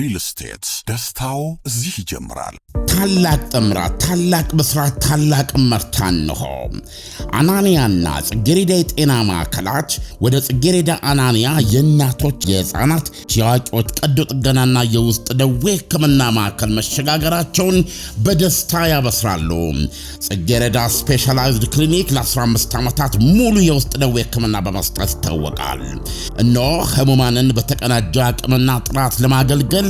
ሪል ስቴት ደስታው እዚህ ይጀምራል። ታላቅ ጥምራት፣ ታላቅ ምስራት ታላቅ መርታ እንሆ አናንያና ጽጌሬዳ የጤና ማዕከላች ወደ ጽጌሬዳ አናንያ የእናቶች የህፃናት፣ የአዋቂዎች ቀዶ ጥገናና የውስጥ ደዌ ህክምና ማዕከል መሸጋገራቸውን በደስታ ያበስራሉ። ጽጌሬዳ ስፔሻላይዝድ ክሊኒክ ለ15 ዓመታት ሙሉ የውስጥ ደዌ ህክምና በመስጠት ይታወቃል። እነሆ ህሙማንን በተቀናጀ አቅምና ጥራት ለማገልገል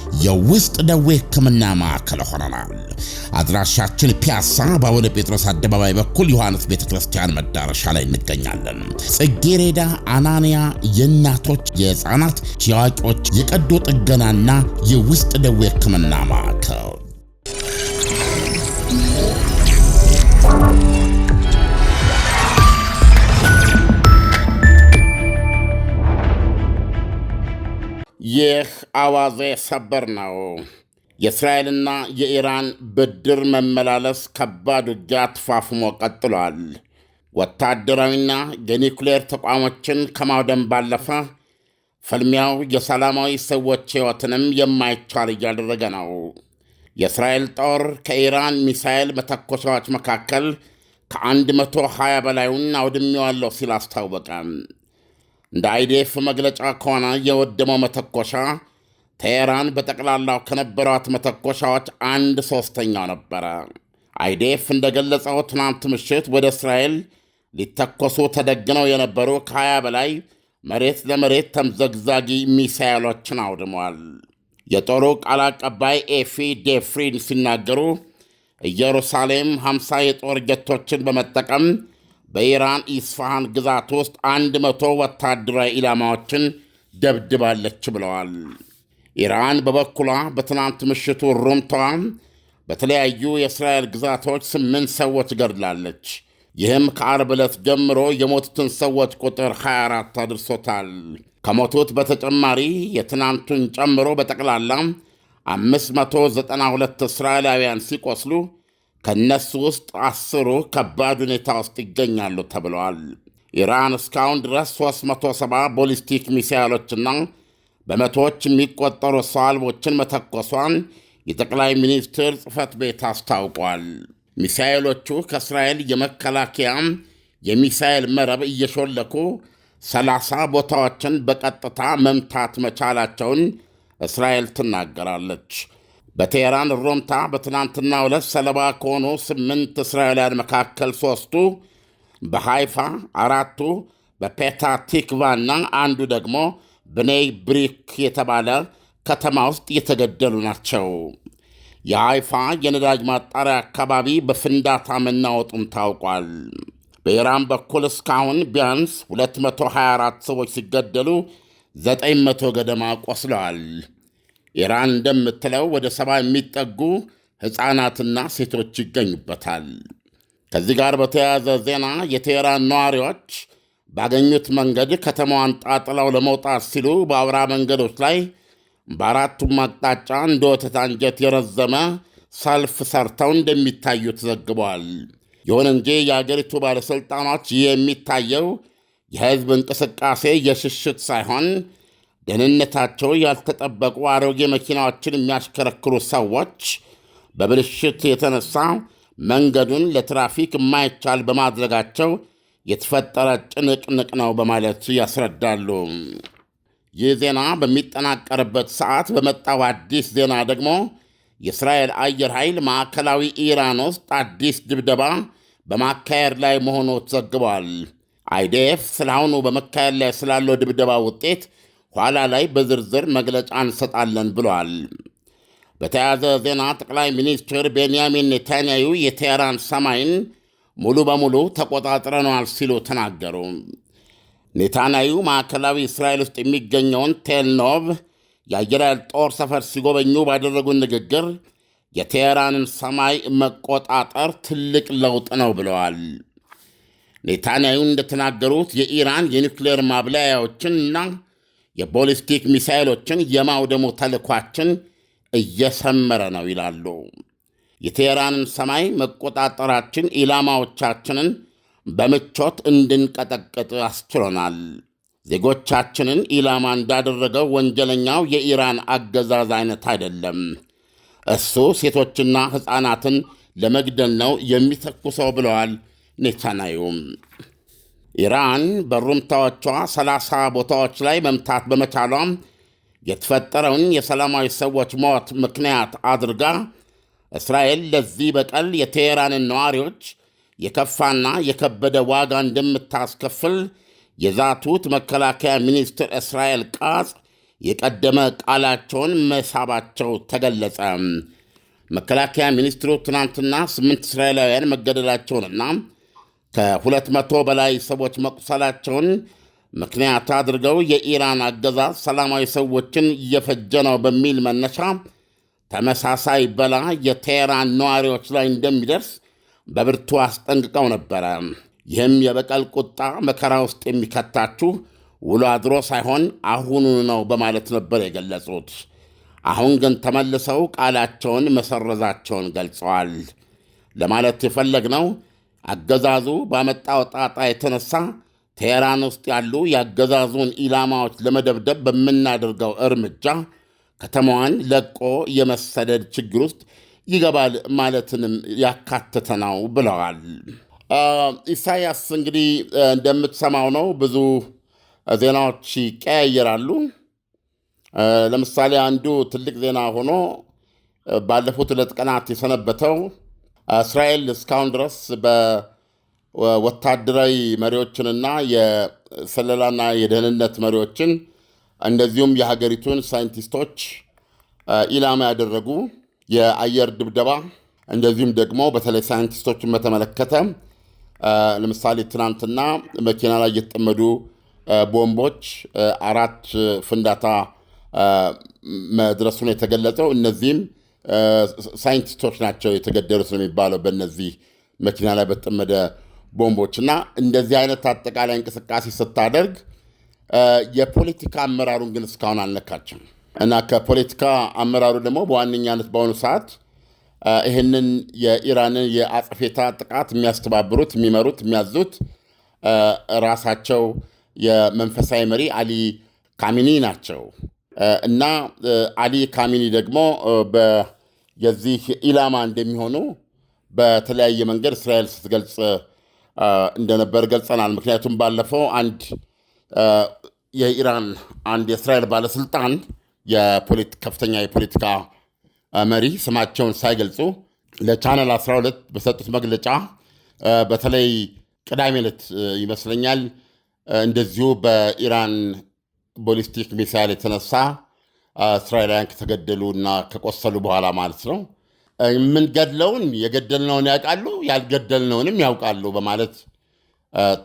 የውስጥ ደዌ ሕክምና ማዕከል ሆነናል። አድራሻችን ፒያሳ በአቡነ ጴጥሮስ አደባባይ በኩል ዮሐንስ ቤተ ክርስቲያን መዳረሻ ላይ እንገኛለን። ጽጌሬዳ፣ አናንያ፣ የእናቶች የሕፃናት፣ የአዋቂዎች የቀዶ ጥገናና የውስጥ ደዌ ሕክምና ማዕከል ይህ አዋዜ ሰበር ነው። የእስራኤልና የኢራን ብድር መመላለስ ከባድ ውጊያ ተፋፍሞ ቀጥሏል። ወታደራዊና የኒውክሌር ተቋሞችን ከማውደም ባለፈ ፍልሚያው የሰላማዊ ሰዎች ሕይወትንም የማይቻል እያደረገ ነው። የእስራኤል ጦር ከኢራን ሚሳኤል መተኮሻዎች መካከል ከ120 በላዩን አውድሜዋለሁ ሲል አስታወቀ። እንደ አይዲኤፍ መግለጫ ከሆነ የወደመው መተኮሻ ቴሄራን በጠቅላላው ከነበሯት መተኮሻዎች አንድ ሦስተኛው ነበረ። አይዴፍ እንደገለጸው ትናንት ምሽት ወደ እስራኤል ሊተኮሱ ተደግነው የነበሩ ከ በላይ መሬት ለመሬት ተምዘግዛጊ ሚሳይሎችን አውድሟል። የጦሩ ቃል አቀባይ ኤፊ ዴፍሪን ሲናገሩ ኢየሩሳሌም 50 የጦር ጀቶችን በመጠቀም በኢራን ኢስፋሃን ግዛት ውስጥ 100 ወታደራዊ ኢላማዎችን ደብድባለች ብለዋል። ኢራን በበኩሏ በትናንት ምሽቱ ሩምቷ በተለያዩ የእስራኤል ግዛቶች ስምንት ሰዎች ገድላለች። ይህም ከአርብ ዕለት ጀምሮ የሞቱትን ሰዎች ቁጥር 24 አድርሶታል። ከሞቱት በተጨማሪ የትናንቱን ጨምሮ በጠቅላላ 592 እስራኤላውያን ሲቆስሉ ከእነሱ ውስጥ አስሩ ከባድ ሁኔታ ውስጥ ይገኛሉ ተብለዋል። ኢራን እስካሁን ድረስ 370 ቦሊስቲክ ሚሳይሎችና በመቶዎች የሚቆጠሩ ሰው አልቦችን መተኮሷን የጠቅላይ ሚኒስትር ጽህፈት ቤት አስታውቋል። ሚሳኤሎቹ ከእስራኤል የመከላከያ የሚሳኤል መረብ እየሾለኩ 30 ቦታዎችን በቀጥታ መምታት መቻላቸውን እስራኤል ትናገራለች። በቴሄራን ሮምታ በትናንትና ሁለት ሰለባ ከሆኑ ስምንት እስራኤላውያን መካከል ሦስቱ በሃይፋ፣ አራቱ በፔታ ቲክቫና አንዱ ደግሞ ብኔይ ብሪክ የተባለ ከተማ ውስጥ የተገደሉ ናቸው። የሃይፋ የነዳጅ ማጣሪያ አካባቢ በፍንዳታ መናወጡም ታውቋል። በኢራን በኩል እስካሁን ቢያንስ 224 ሰዎች ሲገደሉ 900 ገደማ ቆስለዋል። ኢራን እንደምትለው ወደ ሰባ የሚጠጉ ሕፃናትና ሴቶች ይገኙበታል። ከዚህ ጋር በተያያዘ ዜና የቴህራን ነዋሪዎች ባገኙት መንገድ ከተማዋን ጣጥለው ለመውጣት ሲሉ በአውራ መንገዶች ላይ በአራቱም አቅጣጫ እንደ ወተት አንጀት የረዘመ ሰልፍ ሰርተው እንደሚታዩ ዘግቧል። ይሁን እንጂ የአገሪቱ ባለሥልጣኖች ይህ የሚታየው የሕዝብ እንቅስቃሴ የሽሽት ሳይሆን ደህንነታቸው ያልተጠበቁ አሮጌ መኪናዎችን የሚያሽከረክሩ ሰዎች በብልሽት የተነሳ መንገዱን ለትራፊክ የማይቻል በማድረጋቸው የተፈጠረ ጭንቅንቅ ነው በማለት ያስረዳሉ። ይህ ዜና በሚጠናቀርበት ሰዓት በመጣው አዲስ ዜና ደግሞ የእስራኤል አየር ኃይል ማዕከላዊ ኢራን ውስጥ አዲስ ድብደባ በማካሄድ ላይ መሆኑ ተዘግቧል። አይዲኤፍ ስለአሁኑ በመካሄድ ላይ ስላለው ድብደባ ውጤት ኋላ ላይ በዝርዝር መግለጫ እንሰጣለን ብሏል። በተያያዘ ዜና ጠቅላይ ሚኒስትር ቤንያሚን ኔታንያዩ የቴህራን ሰማይን ሙሉ በሙሉ ተቆጣጥረነዋል ሲሉ ተናገሩ። ኔታንያሁ ማዕከላዊ እስራኤል ውስጥ የሚገኘውን ቴልኖቭ የአየር ኃይል ጦር ሰፈር ሲጎበኙ ባደረጉት ንግግር የቴሄራንን ሰማይ መቆጣጠር ትልቅ ለውጥ ነው ብለዋል። ኔታንያሁ እንደተናገሩት የኢራን የኒውክሌር ማብላያዎችንና የቦሊስቲክ ሚሳይሎችን የማውደሙ ተልኳችን እየሰመረ ነው ይላሉ። የቴህራንን ሰማይ መቆጣጠራችን ኢላማዎቻችንን በምቾት እንድንቀጠቅጥ አስችሎናል። ዜጎቻችንን ኢላማ እንዳደረገው ወንጀለኛው የኢራን አገዛዝ አይነት አይደለም። እሱ ሴቶችና ሕፃናትን ለመግደል ነው የሚተኩሰው ብለዋል ኔታንያሁም። ኢራን በሩምታዎቿ 30 ቦታዎች ላይ መምታት በመቻሏም የተፈጠረውን የሰላማዊ ሰዎች ሞት ምክንያት አድርጋ እስራኤል ለዚህ በቀል የቴሄራንን ነዋሪዎች የከፋና የከበደ ዋጋ እንደምታስከፍል የዛቱት መከላከያ ሚኒስትር እስራኤል ቃጽ የቀደመ ቃላቸውን መሳባቸው ተገለጸ። መከላከያ ሚኒስትሩ ትናንትና ስምንት እስራኤላውያን መገደላቸውንና ከሁለት መቶ በላይ ሰዎች መቁሰላቸውን ምክንያት አድርገው የኢራን አገዛዝ ሰላማዊ ሰዎችን እየፈጀ ነው በሚል መነሻ ተመሳሳይ በላ የቴህራን ነዋሪዎች ላይ እንደሚደርስ በብርቱ አስጠንቅቀው ነበረ። ይህም የበቀል ቁጣ መከራ ውስጥ የሚከታችሁ ውሎ አድሮ ሳይሆን አሁኑ ነው በማለት ነበር የገለጹት። አሁን ግን ተመልሰው ቃላቸውን መሰረዛቸውን ገልጸዋል። ለማለት የፈለግነው አገዛዙ ባመጣው ጣጣ የተነሳ ቴህራን ውስጥ ያሉ የአገዛዙን ኢላማዎች ለመደብደብ በምናደርገው እርምጃ ከተማዋን ለቆ የመሰደድ ችግር ውስጥ ይገባል ማለትንም ያካተተ ነው ብለዋል። ኢሳያስ እንግዲህ እንደምትሰማው ነው ብዙ ዜናዎች ይቀያየራሉ። ለምሳሌ አንዱ ትልቅ ዜና ሆኖ ባለፉት ሁለት ቀናት የሰነበተው እስራኤል እስካሁን ድረስ በወታደራዊ መሪዎችንና የስለላና የደህንነት መሪዎችን እንደዚሁም የሀገሪቱን ሳይንቲስቶች ኢላማ ያደረጉ የአየር ድብደባ እንደዚሁም ደግሞ በተለይ ሳይንቲስቶችን በተመለከተ ለምሳሌ ትናንትና መኪና ላይ የተጠመዱ ቦምቦች አራት ፍንዳታ መድረሱ ነው የተገለጸው። እነዚህም ሳይንቲስቶች ናቸው የተገደሉት ነው የሚባለው በእነዚህ መኪና ላይ በተጠመደ ቦምቦች እና እንደዚህ አይነት አጠቃላይ እንቅስቃሴ ስታደርግ የፖለቲካ አመራሩን ግን እስካሁን አልነካችም እና ከፖለቲካ አመራሩ ደግሞ በዋነኛነት በአሁኑ ሰዓት ይህንን የኢራንን የአጽፌታ ጥቃት የሚያስተባብሩት የሚመሩት፣ የሚያዙት ራሳቸው የመንፈሳዊ መሪ አሊ ካሚኒ ናቸው እና አሊ ካሚኒ ደግሞ የዚህ ኢላማ እንደሚሆኑ በተለያየ መንገድ እስራኤል ስትገልጽ እንደነበር ገልጸናል። ምክንያቱም ባለፈው አንድ የኢራን አንድ የእስራኤል ባለስልጣን ከፍተኛ የፖለቲካ መሪ ስማቸውን ሳይገልጹ ለቻነል 12 በሰጡት መግለጫ በተለይ ቅዳሜ ዕለት ይመስለኛል እንደዚሁ በኢራን ቦሊስቲክ ሚሳይል የተነሳ እስራኤላውያን ከተገደሉ እና ከቆሰሉ በኋላ ማለት ነው የምንገድለውን የገደልነውን ያውቃሉ ያልገደልነውንም ያውቃሉ በማለት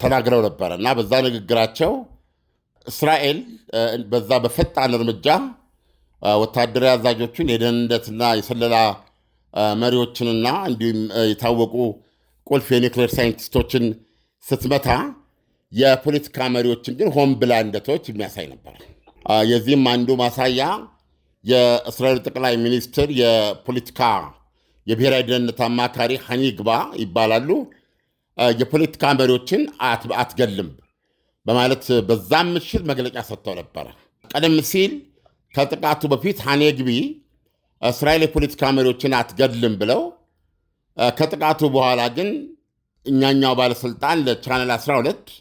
ተናግረው ነበረ እና በዛ ንግግራቸው እስራኤል በዛ በፈጣን እርምጃ ወታደራዊ አዛዦቹን የደህንነትና የስለላ መሪዎችንና እንዲሁም የታወቁ ቁልፍ የኒክሌር ሳይንቲስቶችን ስትመታ የፖለቲካ መሪዎችን ግን ሆን ብላ እንደተወች የሚያሳይ ነበር። የዚህም አንዱ ማሳያ የእስራኤል ጠቅላይ ሚኒስትር የፖለቲካ የብሔራዊ ደህንነት አማካሪ ሐኒግባ ይባላሉ። የፖለቲካ መሪዎችን አትገልም በማለት በዛም ምሽት መግለጫ ሰጥተው ነበረ። ቀደም ሲል ከጥቃቱ በፊት ሃኔግቢ እስራኤል የፖለቲካ መሪዎችን አትገድልም ብለው ከጥቃቱ በኋላ ግን እኛኛው ባለስልጣን ለቻናል 12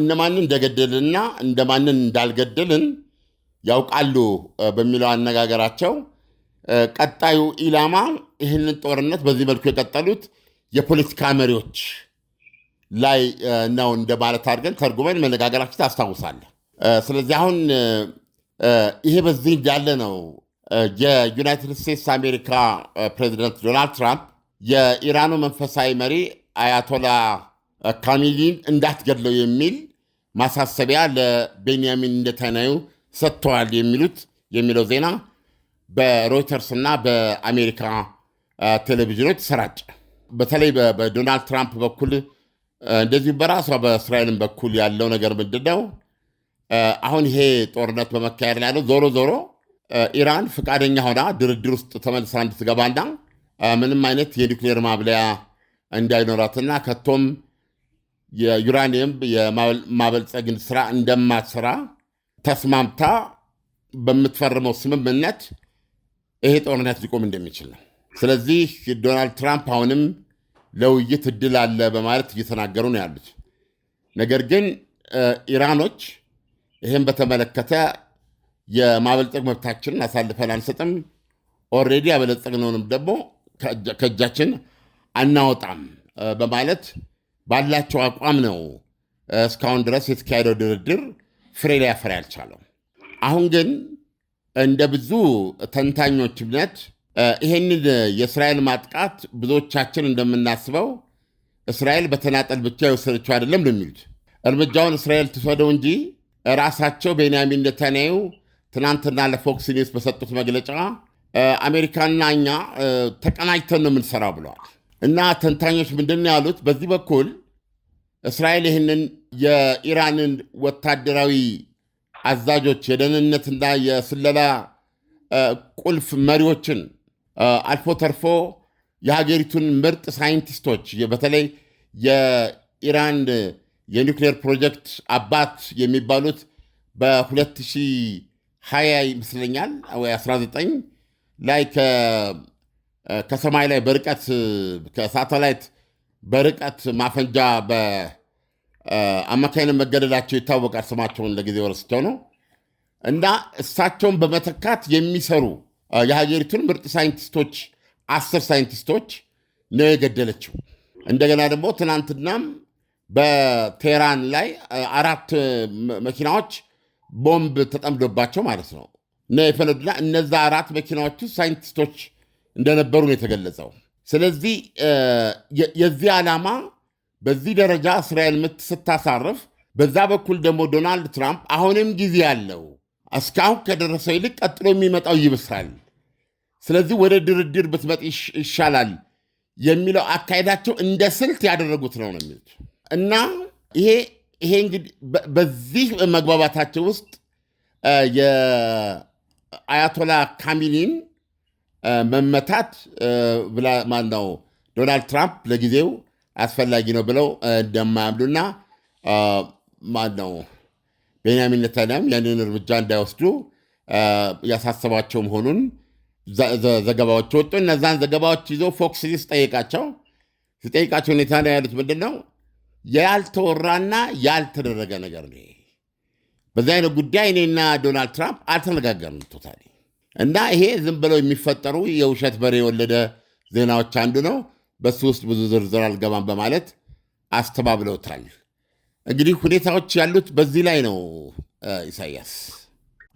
እነማንን እንደገደልንና እንደማንን እንዳልገደልን ያውቃሉ በሚለው አነጋገራቸው ቀጣዩ ኢላማ ይህንን ጦርነት በዚህ መልኩ የቀጠሉት የፖለቲካ መሪዎች ላይ ነው እንደማለት አድርገን ተርጉመን መነጋገራችን ታስታውሳለህ። ስለዚህ አሁን ይሄ በዚህ እንዳለ ነው የዩናይትድ ስቴትስ አሜሪካ ፕሬዚደንት ዶናልድ ትራምፕ የኢራኑ መንፈሳዊ መሪ አያቶላ ካሚሊን እንዳትገድለው የሚል ማሳሰቢያ ለቤንያሚን ኔታንያሁ ሰጥተዋል የሚሉት የሚለው ዜና በሮይተርስ እና በአሜሪካ ቴሌቪዥኖች ተሰራጨ። በተለይ በዶናልድ ትራምፕ በኩል እንደዚህም በራሷ በእስራኤልን በኩል ያለው ነገር ምንድን ነው? አሁን ይሄ ጦርነት በመካሄድ ላይ ያለው ዞሮ ዞሮ ኢራን ፍቃደኛ ሆና ድርድር ውስጥ ተመልሳ እንድትገባና ምንም አይነት የኒውክሌር ማብለያ እንዳይኖራትና ከቶም የዩራኒየም የማበልጸግን ስራ እንደማትሰራ ተስማምታ በምትፈርመው ስምምነት ይሄ ጦርነት ሊቆም እንደሚችል ነው። ስለዚህ ዶናልድ ትራምፕ አሁንም ለውይይት እድል አለ በማለት እየተናገሩ ነው ያሉት። ነገር ግን ኢራኖች ይህም በተመለከተ የማበልጸግ መብታችንን አሳልፈን አንሰጥም፣ ኦልሬዲ ያበለጸግነውንም ደግሞ ከእጃችን አናወጣም በማለት ባላቸው አቋም ነው እስካሁን ድረስ የተካሄደው ድርድር ፍሬ ሊያፈራ ያልቻለው። አሁን ግን እንደ ብዙ ተንታኞች እምነት ይሄንን የእስራኤል ማጥቃት ብዙዎቻችን እንደምናስበው እስራኤል በተናጠል ብቻ የወሰደችው አይደለም ነው የሚሉት። እርምጃውን እስራኤል ትውሰደው እንጂ ራሳቸው ቤንያሚን ኔታንያሁ ትናንትና ለፎክስ ኒውስ በሰጡት መግለጫ አሜሪካና እኛ ተቀናጅተን ነው የምንሰራው ብለዋል። እና ተንታኞች ምንድን ነው ያሉት? በዚህ በኩል እስራኤል ይህንን የኢራንን ወታደራዊ አዛዦች የደህንነትና የስለላ ቁልፍ መሪዎችን አልፎ ተርፎ የሀገሪቱን ምርጥ ሳይንቲስቶች በተለይ የኢራን የኒውክሌር ፕሮጀክት አባት የሚባሉት በ2020 ይመስለኛል ወይ 19 ላይ ከሰማይ ላይ በርቀት ከሳተላይት በርቀት ማፈንጃ በአማካይነት መገደላቸው ይታወቃል። ስማቸውን ለጊዜ ወረስቸው ነው እና እሳቸውን በመተካት የሚሰሩ የሀገሪቱን ምርጥ ሳይንቲስቶች አስር ሳይንቲስቶች ነው የገደለችው። እንደገና ደግሞ ትናንትናም በቴራን ላይ አራት መኪናዎች ቦምብ ተጠምዶባቸው ማለት ነው እና የፈነዱና እነዛ አራት መኪናዎች ሳይንቲስቶች እንደነበሩ ነው የተገለጸው። ስለዚህ የዚህ ዓላማ በዚህ ደረጃ እስራኤል ምት ስታሳርፍ፣ በዛ በኩል ደግሞ ዶናልድ ትራምፕ አሁንም ጊዜ አለው እስካሁን ከደረሰው ይልቅ ቀጥሎ የሚመጣው ይብሳል፣ ስለዚህ ወደ ድርድር ብትመጥ ይሻላል የሚለው አካሄዳቸው እንደ ስልት ያደረጉት ነው ነው የሚሉት እና ይሄ ይሄ እንግዲህ በዚህ መግባባታቸው ውስጥ የአያቶላ ካሚኒን መመታት ማለት ነው ዶናልድ ትራምፕ ለጊዜው አስፈላጊ ነው ብለው እንደማያምኑና ማነው ቤንያሚን ኔታንያም ያንን እርምጃ እንዳይወስዱ ያሳሰባቸው መሆኑን ዘገባዎች ወጡ። እነዛን ዘገባዎች ይዞ ፎክስ ኒውስ ጠየቃቸው። ሲጠይቃቸው ኔታንያ ያሉት ምንድን ነው? ያልተወራና ያልተደረገ ነገር ነው። በዚ አይነት ጉዳይ እኔና ዶናልድ ትራምፕ አልተነጋገርንም ቶታሊ። እና ይሄ ዝም ብለው የሚፈጠሩ የውሸት በሬ የወለደ ዜናዎች አንዱ ነው። በሱ ውስጥ ብዙ ዝርዝር አልገባም በማለት አስተባብለውታል። እንግዲህ ሁኔታዎች ያሉት በዚህ ላይ ነው ኢሳያስ።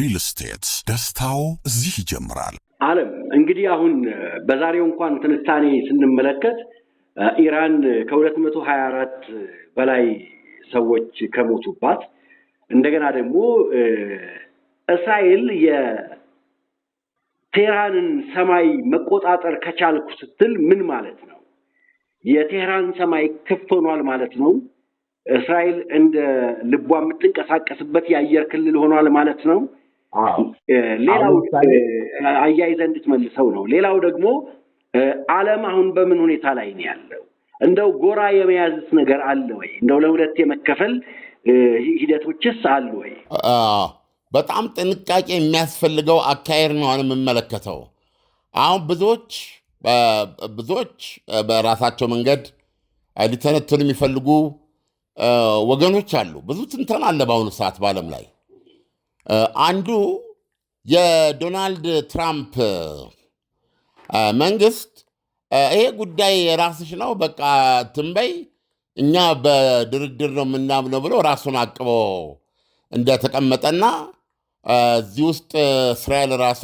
ሪል ስቴት ደስታው እዚህ ይጀምራል። አለም እንግዲህ አሁን በዛሬው እንኳን ትንታኔ ስንመለከት ኢራን ከ 224 በላይ ሰዎች ከሞቱባት እንደገና ደግሞ እስራኤል የቴህራንን ሰማይ መቆጣጠር ከቻልኩ ስትል ምን ማለት ነው? የቴህራን ሰማይ ክፍት ሆኗል ማለት ነው። እስራኤል እንደ ልቧ የምትንቀሳቀስበት የአየር ክልል ሆኗል ማለት ነው። ሌላው አያይዘህ እንድትመልሰው ነው። ሌላው ደግሞ ዓለም አሁን በምን ሁኔታ ላይ ነው ያለው? እንደው ጎራ የመያዝስ ነገር አለ ወይ? እንደው ለሁለት የመከፈል ሂደቶችስ አሉ ወይ? በጣም ጥንቃቄ የሚያስፈልገው አካሄድ ነው የምመለከተው። አሁን ብዙዎች ብዙዎች በራሳቸው መንገድ ሊተነትኑ የሚፈልጉ ወገኖች አሉ። ብዙ ትንተና አለ በአሁኑ ሰዓት በዓለም ላይ አንዱ የዶናልድ ትራምፕ መንግስት ይሄ ጉዳይ የራስሽ ነው፣ በቃ ትንበይ፣ እኛ በድርድር ነው የምናምነው ብሎ ራሱን አቅቦ እንደተቀመጠና እዚህ ውስጥ እስራኤል ራሷ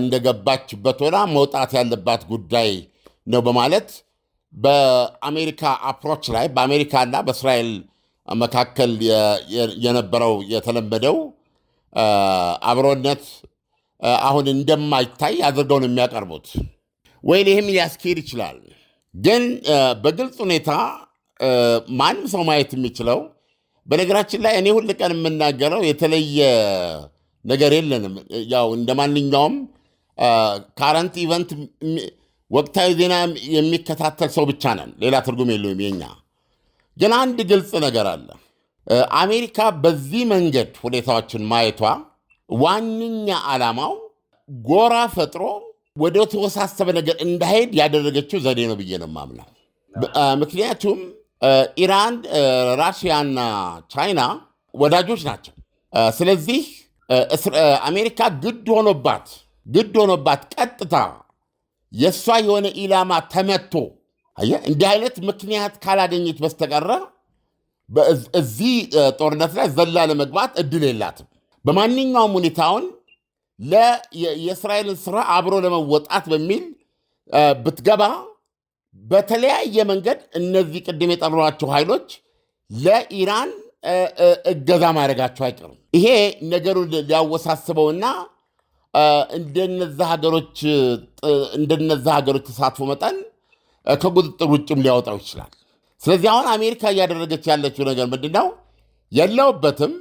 እንደገባችበት ሆና መውጣት ያለባት ጉዳይ ነው በማለት በአሜሪካ አፕሮች ላይ በአሜሪካና በእስራኤል መካከል የነበረው የተለመደው አብሮነት አሁን እንደማይታይ አድርገው ነው የሚያቀርቡት። ወይን ይህም ሊያስኬድ ይችላል። ግን በግልጽ ሁኔታ ማንም ሰው ማየት የሚችለው በነገራችን ላይ እኔ ሁል ቀን የምናገረው የተለየ ነገር የለንም። ያው እንደ ማንኛውም ካረንት ኢቨንት ወቅታዊ ዜና የሚከታተል ሰው ብቻ ነን። ሌላ ትርጉም የለውም የኛ ግን አንድ ግልጽ ነገር አለ። አሜሪካ በዚህ መንገድ ሁኔታዎችን ማየቷ ዋነኛ ዓላማው ጎራ ፈጥሮ ወደ ተወሳሰበ ነገር እንዳሄድ ያደረገችው ዘዴ ነው ብዬ ነው የማምነው። ምክንያቱም ኢራን፣ ራሽያና ቻይና ወዳጆች ናቸው። ስለዚህ አሜሪካ ግድ ሆኖባት ግድ ሆኖባት ቀጥታ የእሷ የሆነ ኢላማ ተመቶ እንዲህ አይነት ምክንያት ካላገኘች በስተቀረ እዚህ ጦርነት ላይ ዘላ ለመግባት እድል የላትም። በማንኛውም ሁኔታውን የእስራኤልን ስራ አብሮ ለመወጣት በሚል ብትገባ በተለያየ መንገድ እነዚህ ቅድም የጠሯቸው ኃይሎች ለኢራን እገዛ ማድረጋቸው አይቀርም። ይሄ ነገሩን ሊያወሳስበውና እንደነዛ ሀገሮች ተሳትፎ መጠን ከቁጥጥር ውጭም ሊያወጣው ይችላል። ስለዚህ አሁን አሜሪካ እያደረገች ያለችው ነገር ምንድን ነው? የለውበትም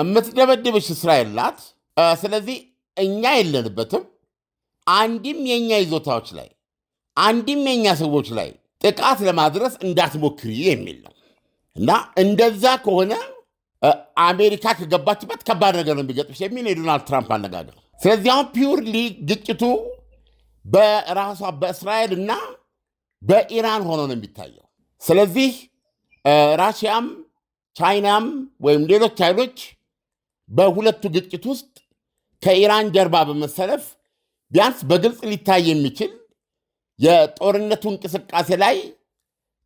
የምትደበድብሽ እስራኤል ናት። ስለዚህ እኛ የለንበትም። አንድም የእኛ ይዞታዎች ላይ አንድም የእኛ ሰዎች ላይ ጥቃት ለማድረስ እንዳትሞክሪ የሚል ነው እና እንደዛ ከሆነ አሜሪካ ከገባችበት ከባድ ነገር ነው የሚገጥምሽ የሚል የዶናልድ ትራምፕ አነጋገር። ስለዚህ አሁን ፒውርሊ ግጭቱ በራሷ በእስራኤል እና በኢራን ሆኖ ነው የሚታየው። ስለዚህ ራሽያም ቻይናም ወይም ሌሎች ኃይሎች በሁለቱ ግጭት ውስጥ ከኢራን ጀርባ በመሰለፍ ቢያንስ በግልጽ ሊታይ የሚችል የጦርነቱ እንቅስቃሴ ላይ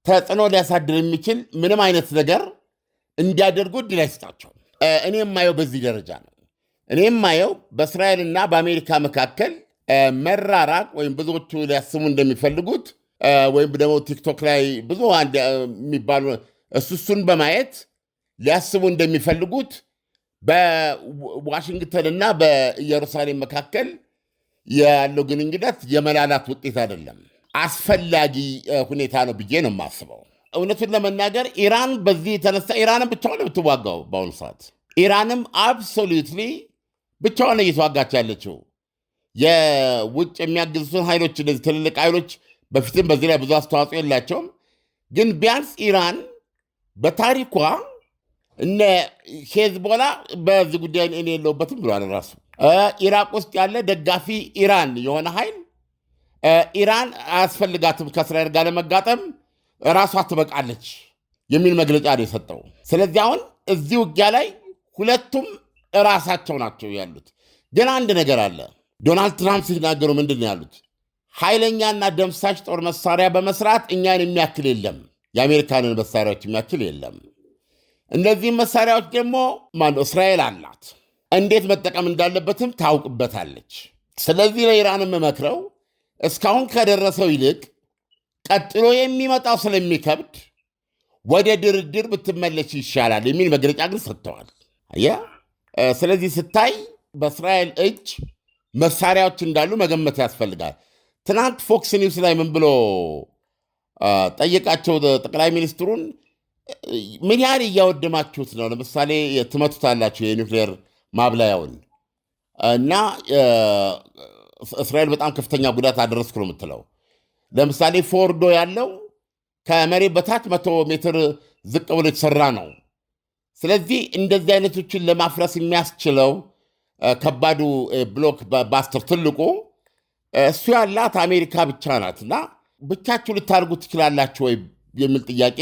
ተጽዕኖ ሊያሳድር የሚችል ምንም አይነት ነገር እንዲያደርጉ እድል አይሰጣቸው። እኔ የማየው በዚህ ደረጃ ነው። እኔ የማየው በእስራኤልና በአሜሪካ መካከል መራራቅ ወይም ብዙዎቹ ሊያስሙ እንደሚፈልጉት ወይም ደግሞ ቲክቶክ ላይ ብዙ የሚባሉ እሱሱን በማየት ሊያስቡ እንደሚፈልጉት በዋሽንግተንና በኢየሩሳሌም መካከል ያለው ግንኙነት የመላላት ውጤት አይደለም፣ አስፈላጊ ሁኔታ ነው ብዬ ነው የማስበው። እውነቱን ለመናገር ኢራን በዚህ የተነሳ ኢራንም ብቻዋን የምትዋጋው በአሁኑ ሰዓት ኢራንም አብሶሉትሊ ብቻዋን እየተዋጋች ያለችው የውጭ የሚያግዙትን ኃይሎች እነዚህ ትልልቅ ኃይሎች በፊትም በዚህ ላይ ብዙ አስተዋጽኦ የላቸውም። ግን ቢያንስ ኢራን በታሪኳ እነ ሄዝቦላ በዚህ ጉዳይ እኔ የለውበትም ብሏል ራሱ። ኢራቅ ውስጥ ያለ ደጋፊ ኢራን የሆነ ኃይል ኢራን አያስፈልጋትም ከእስራኤል ጋር ለመጋጠም ራሷ ትበቃለች የሚል መግለጫ ነው የሰጠው። ስለዚህ አሁን እዚህ ውጊያ ላይ ሁለቱም ራሳቸው ናቸው ያሉት። ግን አንድ ነገር አለ። ዶናልድ ትራምፕ ሲናገሩ ምንድን ነው ያሉት? ኃይለኛና ደምሳሽ ጦር መሳሪያ በመስራት እኛን የሚያክል የለም። የአሜሪካንን መሳሪያዎች የሚያክል የለም። እነዚህ መሳሪያዎች ደግሞ ማነው እስራኤል አላት። እንዴት መጠቀም እንዳለበትም ታውቅበታለች። ስለዚህ ለኢራን የምመክረው እስካሁን ከደረሰው ይልቅ ቀጥሎ የሚመጣው ስለሚከብድ ወደ ድርድር ብትመለሽ ይሻላል የሚል መግለጫ ግን ሰጥተዋል። ስለዚህ ስታይ በእስራኤል እጅ መሳሪያዎች እንዳሉ መገመት ያስፈልጋል። ትናንት ፎክስ ኒውስ ላይ ምን ብሎ ጠየቃቸው ጠቅላይ ሚኒስትሩን ምን ያህል እያወደማችሁት ነው? ለምሳሌ ትመቱት አላቸው የኒውክሌር ማብላያውን እና እስራኤል በጣም ከፍተኛ ጉዳት አደረስኩ ነው የምትለው። ለምሳሌ ፎርዶ ያለው ከመሬት በታች መቶ ሜትር ዝቅ ብሎ የተሰራ ነው። ስለዚህ እንደዚህ አይነቶችን ለማፍረስ የሚያስችለው ከባዱ ብሎክ ባስተር ትልቁ እሱ ያላት አሜሪካ ብቻ ናት እና ብቻችሁ ልታደርጉ ትችላላችሁ ወይ የሚል ጥያቄ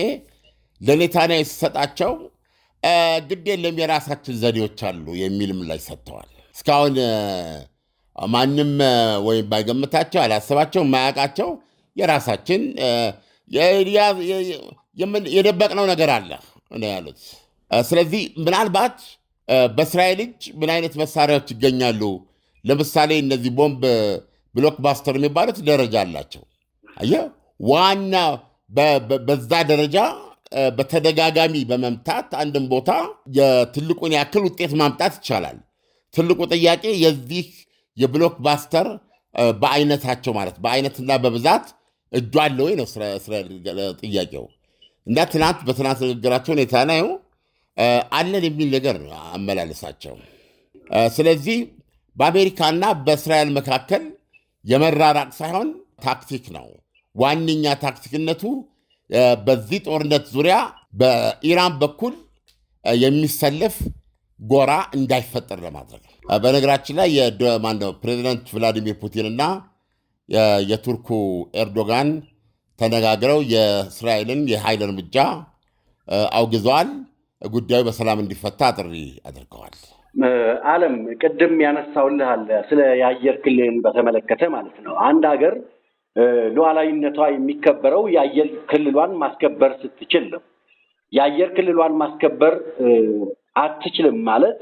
ለኔታንያ ሲሰጣቸው ግድ የለም የራሳችን ዘዴዎች አሉ የሚልም ላይ ሰጥተዋል። እስካሁን ማንም ወይም ባይገምታቸው፣ አላስባቸው ማያውቃቸው የራሳችን የደበቅነው ነገር አለ ነው ያሉት። ስለዚህ ምናልባት በእስራኤል እጅ ምን አይነት መሳሪያዎች ይገኛሉ? ለምሳሌ እነዚህ ቦምብ ብሎክባስተር የሚባሉት ደረጃ አላቸው። አየህ ዋና በዛ ደረጃ በተደጋጋሚ በመምታት አንድን ቦታ የትልቁን ያክል ውጤት ማምጣት ይቻላል። ትልቁ ጥያቄ የዚህ የብሎክባስተር በአይነታቸው ማለት በአይነትና በብዛት እጁ አለ ወይ ነው ጥያቄው። እና ትናንት በትናንት ንግግራቸው ሁኔታ አለን የሚል ነገር አመላለሳቸው። ስለዚህ በአሜሪካና በእስራኤል መካከል የመራራቅ ሳይሆን ታክቲክ ነው። ዋነኛ ታክቲክነቱ በዚህ ጦርነት ዙሪያ በኢራን በኩል የሚሰለፍ ጎራ እንዳይፈጠር ለማድረግ ነው። በነገራችን ላይ ማነው ፕሬዚደንት ቭላዲሚር ፑቲን እና የቱርኩ ኤርዶጋን ተነጋግረው የእስራኤልን የኃይል እርምጃ አውግዘዋል። ጉዳዩ በሰላም እንዲፈታ ጥሪ አድርገዋል። አለም ቅድም ያነሳውልህ አለ ስለ የአየር ክልልን በተመለከተ ማለት ነው። አንድ ሀገር ሉዓላዊነቷ የሚከበረው የአየር ክልሏን ማስከበር ስትችል ነው። የአየር ክልሏን ማስከበር አትችልም ማለት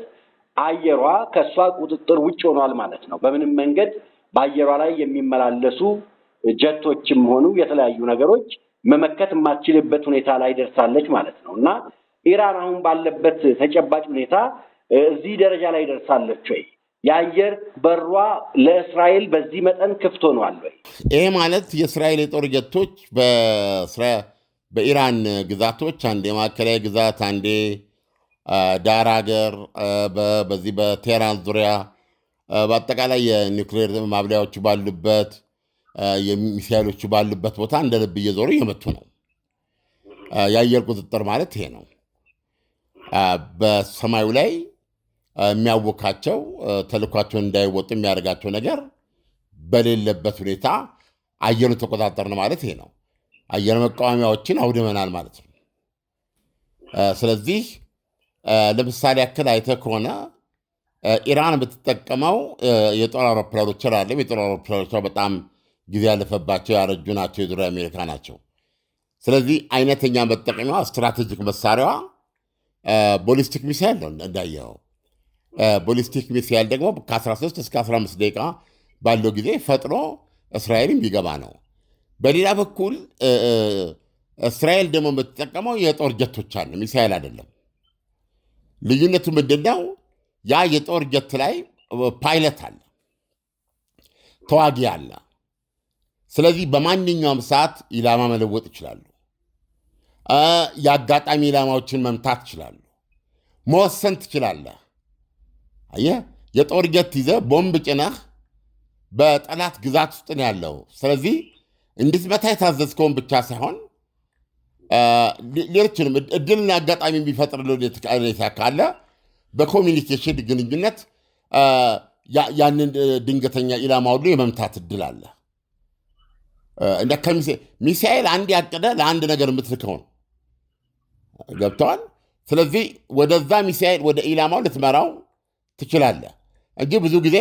አየሯ ከእሷ ቁጥጥር ውጭ ሆኗል ማለት ነው። በምንም መንገድ በአየሯ ላይ የሚመላለሱ ጀቶችም ሆኑ የተለያዩ ነገሮች መመከት የማትችልበት ሁኔታ ላይ ደርሳለች ማለት ነው እና ኢራን አሁን ባለበት ተጨባጭ ሁኔታ እዚህ ደረጃ ላይ ደርሳለች ወይ? የአየር በሯ ለእስራኤል በዚህ መጠን ክፍት ሆኗል ወይ? ይሄ ማለት የእስራኤል የጦር ጀቶች በኢራን ግዛቶች አንዴ ማዕከላዊ ግዛት አንዴ ዳር ሀገር በዚህ በቴህራን ዙሪያ በአጠቃላይ የኒውክሌር ማብለያዎቹ ባሉበት የሚሳይሎቹ ባሉበት ቦታ እንደ ልብ እየዞሩ እየመቱ ነው። የአየር ቁጥጥር ማለት ይሄ ነው። በሰማዩ ላይ የሚያውካቸው ተልኳቸውን እንዳይወጡ የሚያደርጋቸው ነገር በሌለበት ሁኔታ አየሩን ተቆጣጠርን ማለት ይሄ ነው። አየር መቃወሚያዎችን አውድመናል ማለት ነው። ስለዚህ ለምሳሌ ያክል አይተህ ከሆነ ኢራን የምትጠቀመው የጦር አውሮፕላኖች ላለም የጦር አውሮፕላኖቿ በጣም ጊዜ ያለፈባቸው ያረጁ ናቸው። የድሮ አሜሪካ ናቸው። ስለዚህ አይነተኛ መጠቀሚዋ ስትራቴጂክ መሳሪያዋ ቦሊስቲክ ሚሳይል ነው እንዳየኸው ቦሊስቲክ ሚሳይል ደግሞ ከ13 እስከ 15 ደቂቃ ባለው ጊዜ ፈጥኖ እስራኤልም ቢገባ ነው። በሌላ በኩል እስራኤል ደግሞ የምትጠቀመው የጦር ጀቶች አለ፣ ሚሳይል አይደለም። ልዩነቱ ምንድን ነው? ያ የጦር ጀት ላይ ፓይለት አለ፣ ተዋጊ አለ። ስለዚህ በማንኛውም ሰዓት ኢላማ መለወጥ ይችላሉ። የአጋጣሚ ኢላማዎችን መምታት ይችላሉ። መወሰን ትችላለህ። አየህ፣ የጦር ጀት ይዘህ ቦምብ ጭነህ በጠላት ግዛት ውስጥ ነው ያለው። ስለዚህ እንድትመታ የታዘዝከውን ብቻ ሳይሆን ሌሎችንም እድልና አጋጣሚ የሚፈጥርልህ ካለ በኮሚኒኬሽን ግንኙነት ያንን ድንገተኛ ኢላማ ሁሉ የመምታት እድል አለ። ሚሳኤል አንድ ያቅደ ለአንድ ነገር የምትልከው ነው። ገብተዋል። ስለዚህ ወደዛ ሚሳኤል ወደ ኢላማው ልትመራው ትችላለህ እንጂ ብዙ ጊዜ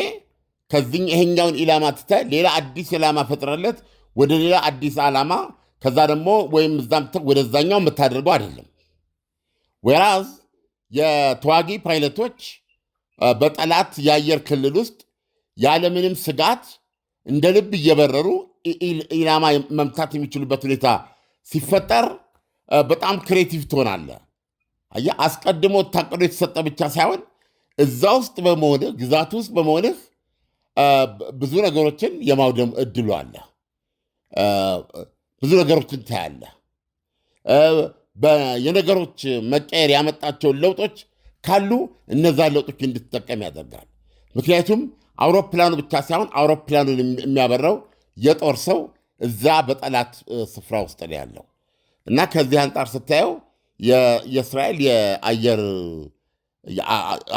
ከዚህ ይሄኛውን ኢላማ ትተ ሌላ አዲስ ኢላማ ፈጥረለት ወደ ሌላ አዲስ ዓላማ ከዛ ደግሞ ወይም እዛም ወደዛኛው የምታደርገው አይደለም። ወራዝ የተዋጊ ፓይለቶች በጠላት የአየር ክልል ውስጥ ያለምንም ስጋት እንደ ልብ እየበረሩ ኢላማ መምታት የሚችሉበት ሁኔታ ሲፈጠር በጣም ክሬቲቭ ትሆናለህ። አስቀድሞ ታቅዶ የተሰጠ ብቻ ሳይሆን እዛ ውስጥ በመሆንህ ግዛት ውስጥ በመሆንህ ብዙ ነገሮችን የማውደም እድሉ አለ። ብዙ ነገሮችን ታያለህ። የነገሮች መቀየር ያመጣቸውን ለውጦች ካሉ እነዛን ለውጦች እንድትጠቀም ያደርጋል። ምክንያቱም አውሮፕላኑ ብቻ ሳይሆን አውሮፕላኑን የሚያበረው የጦር ሰው እዛ በጠላት ስፍራ ውስጥ ነው ያለው እና ከዚህ አንጻር ስታየው የእስራኤል የአየር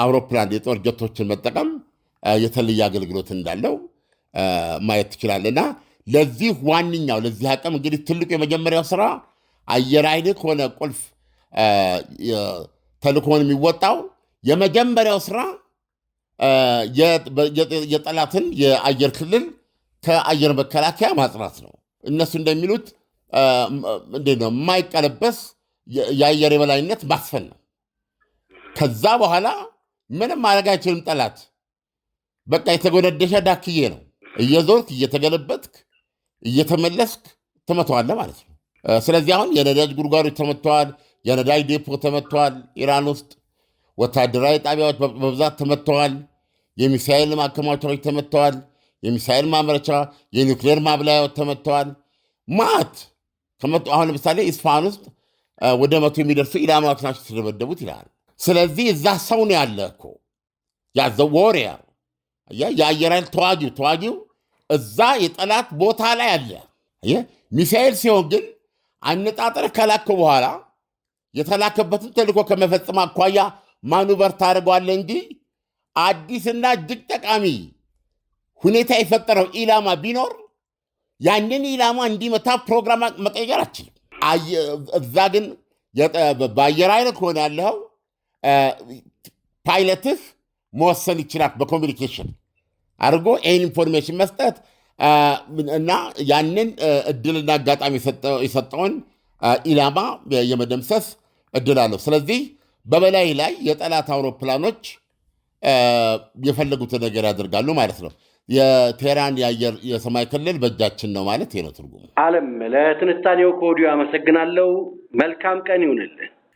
አውሮፕላን የጦር ጀቶችን መጠቀም የተለየ አገልግሎት እንዳለው ማየት እና ለዚህ ዋነኛው ለዚህ አቅም እንግዲህ ትልቁ የመጀመሪያው ስራ አየር ኃይል ከሆነ ቁልፍ ተልኮን የሚወጣው የመጀመሪያው ስራ የጠላትን የአየር ክልል ከአየር መከላከያ ማጽናት ነው። እነሱ እንደሚሉት እንዴት ነው የማይቀለበስ የአየር የበላይነት ማስፈን ነው። ከዛ በኋላ ምንም ማድረግ አይችልም ጠላት። በቃ የተጎነደሸ ዳክዬ ነው። እየዞርክ እየተገለበትክ እየተመለስክ ትመተዋለ ማለት ነው። ስለዚህ አሁን የነዳጅ ጉድጓዶች ተመተዋል። የነዳጅ ዴፖ ተመተዋል። ኢራን ውስጥ ወታደራዊ ጣቢያዎች በብዛት ተመተዋል። የሚሳኤል ማከማቻዎች ተመተዋል። የሚሳኤል ማምረቻ፣ የኒውክሌር ማብላያዎች ተመተዋል። ማት አሁን ለምሳሌ ኢስፋን ውስጥ ወደ መቶ የሚደርሱ ኢላማዎች ናቸው የተደበደቡት ይላል። ስለዚህ እዛ ሰው ነው ያለ እኮ ያዘ ወሪየር የአየር ኃይል ተዋጊው ተዋጊው እዛ የጠላት ቦታ ላይ አለ። ሚሳኤል ሲሆን ግን አነጣጠር ከላከ በኋላ የተላከበትን ተልእኮ ከመፈጸም አኳያ ማኑበር ታደርገዋለ እንጂ አዲስና እጅግ ጠቃሚ ሁኔታ የፈጠረው ኢላማ ቢኖር ያንን ኢላማ እንዲመታ ፕሮግራም መቀየር አችልም። እዛ ግን በአየር ኃይል ከሆነ ያለው ፓይለትህ መወሰን ይችላል። በኮሚኒኬሽን አድርጎ ይህን ኢንፎርሜሽን መስጠት እና ያንን እድልና አጋጣሚ የሰጠውን ኢላማ የመደምሰስ እድል አለው። ስለዚህ በበላይ ላይ የጠላት አውሮፕላኖች የፈለጉትን ነገር ያደርጋሉ ማለት ነው። የቴህራን የአየር የሰማይ ክልል በእጃችን ነው ማለት ነው ትርጉሙ። አለም ለትንታኔው ከወዲሁ አመሰግናለሁ። መልካም ቀን ይሁንልን።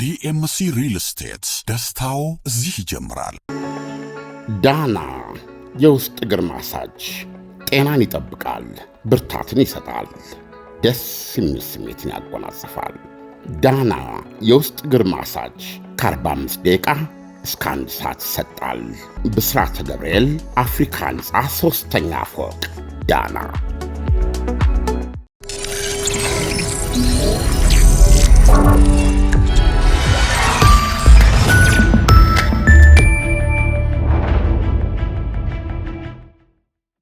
ዲኤምሲ ሪል ስቴትስ ደስታው እዚህ ይጀምራል። ዳና የውስጥ እግር ማሳጅ ጤናን ይጠብቃል፣ ብርታትን ይሰጣል፣ ደስ የሚል ስሜትን ያጎናጽፋል። ዳና የውስጥ እግር ማሳጅ ከ45 ደቂቃ እስከ አንድ ሰዓት ይሰጣል። ብስራተ ገብርኤል አፍሪካ ህንፃ ሦስተኛ ፎቅ ዳና